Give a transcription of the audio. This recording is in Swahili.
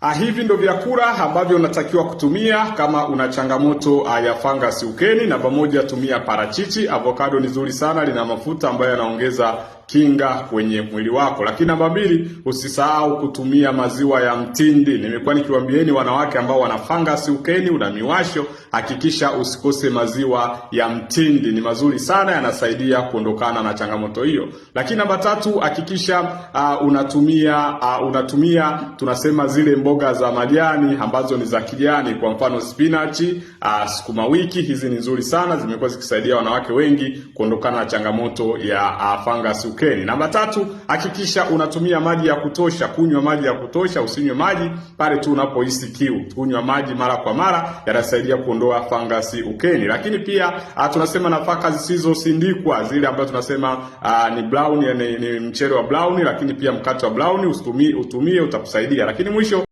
Ah, hivi ndo vyakula ambavyo unatakiwa kutumia kama una changamoto ah, ya fangasi ukeni. Namba moja, tumia parachichi. Avocado ni zuri sana, lina mafuta ambayo yanaongeza kinga kwenye mwili wako. Lakini namba mbili, usisahau kutumia maziwa ya mtindi. Nimekuwa nikiwaambieni wanawake ambao wana fangasi ukeni, una miwasho, hakikisha usikose maziwa ya mtindi, ni mazuri sana, yanasaidia kuondokana na changamoto hiyo. Lakini namba tatu, hakikisha uh, unatumia uh, unatumia tunasema zile mboga za majani ambazo ni za kijani, kwa mfano spinach, uh, sukuma wiki. Hizi ni nzuri sana, zimekuwa zikisaidia wanawake wengi kuondokana na changamoto ya uh, fangasi ukeni. Namba tatu, hakikisha unatumia maji ya kutosha. Kunywa maji ya kutosha, usinywe maji pale tu unapohisi kiu. Kunywa maji mara kwa mara yanasaidia kuondoa fangasi ukeni. Lakini pia a, ah, tunasema nafaka zisizosindikwa zile ambazo tunasema a, ah, ni brown, ni, ni mchele wa brown, lakini pia mkate wa brown usitumie, utumie utakusaidia. Lakini mwisho